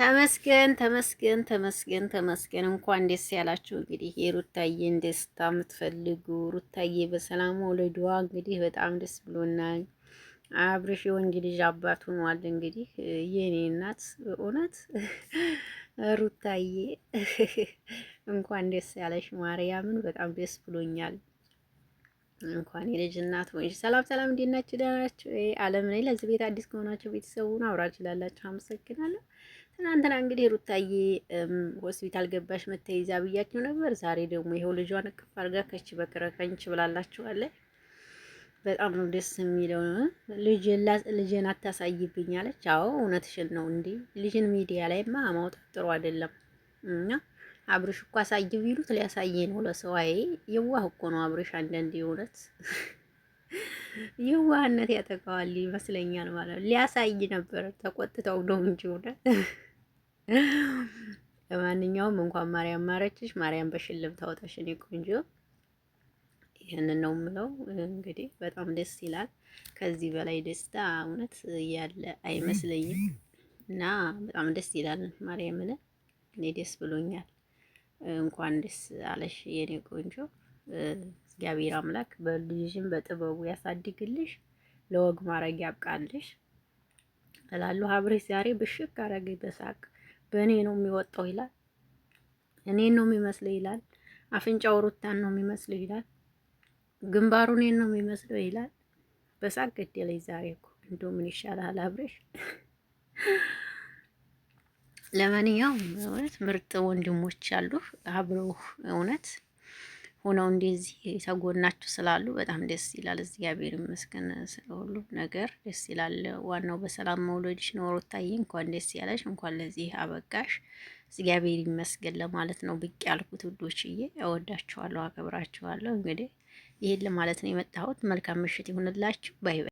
ተመስገን ተመስገን ተመስገን ተመስገን። እንኳን ደስ ያላችሁ። እንግዲህ የሩታዬን ደስታ የምትፈልጉ ሩታዬ በሰላም ወለዷ እንግዲህ በጣም ደስ ብሎናል። አብርሽ የወንድ ልጅ አባት ሆኗል። እንግዲህ የኔ እናት እውነት ሩታዬ እንኳን ደስ ያለሽ ማርያምን፣ በጣም ደስ ብሎኛል። እንኳን የልጅ እናት ሆንሽ። ሰላም ሰላም፣ እንዴት ናችሁ? ደህና ናችሁ? አለም ነኝ። ለዚህ ቤት አዲስ ከሆናችሁ ቤተሰቡን አብራችሁ ላላችሁ አመሰግናለሁ። ትናንትና እንግዲህ ሩታዬ ሆስፒታል ገባሽ መተይዛ ብያችሁ ነበር። ዛሬ ደግሞ ይኸው ልጇን እቅፍ አድርጋ ከች በክረከንች ብላላችኋለ። በጣም ነው ደስ የሚለው። ልጅን አታሳይብኝ አለች። አዎ እውነትሽን ነው። እንዲህ ልጅን ሚዲያ ላይ ማ ማውጣት ጥሩ አይደለም እና አብርሽ እኮ አሳየው ይሉት ሊያሳየ ነው ለሰው። አይ የዋህ እኮ ነው አብርሽ። አንዳንድ የእውነት የዋህነት ያጠቃዋል ይመስለኛል ማለት ሊያሳይ ነበር ተቆጥተው ነው እንጂ እውነት። ለማንኛውም እንኳን ማርያም ማረችሽ፣ ማርያም በሽልም ታወጣሽ የኔ ቆንጆ። ይህንን ነው የምለው። እንግዲህ በጣም ደስ ይላል። ከዚህ በላይ ደስታ እውነት ያለ አይመስለኝም እና በጣም ደስ ይላል። ማርያም እኔ ደስ ብሎኛል። እንኳን ደስ አለሽ የኔ ቆንጆ። እግዚአብሔር አምላክ በልጅሽም በጥበቡ ያሳድግልሽ፣ ለወግ ማረግ ያብቃልሽ እላለሁ። ሀብሬሽ ዛሬ ብሽክ አረገ በሳቅ በእኔ ነው የሚወጣው ይላል፣ እኔን ነው የሚመስለው ይላል፣ አፍንጫው ሩታን ነው የሚመስለው ይላል፣ ግንባሩ እኔን ነው የሚመስለው ይላል። በሳቅ ገደለኝ ዛሬ እኮ እንደው ምን ይሻላል አብሬሽ ለማንኛውም እውነት ምርጥ ወንድሞች አሉ አብረው እውነት ሆነው እንደዚህ ተጎናችሁ ስላሉ በጣም ደስ ይላል። እግዚአብሔር ይመስገን ስለሁሉ ነገር ደስ ይላል። ዋናው በሰላም መውለድሽ ነው። ሩታዬ እንኳን ደስ ያለሽ፣ እንኳን ለዚህ አበቃሽ። እግዚአብሔር ይመስገን ለማለት ነው ብቅ ያልኩት። ውዶችዬ እወዳችኋለሁ፣ አከብራችኋለሁ። እንግዲህ ይህን ለማለት ነው የመጣሁት። መልካም ምሽት ይሁንላችሁ። ባይ ባይ።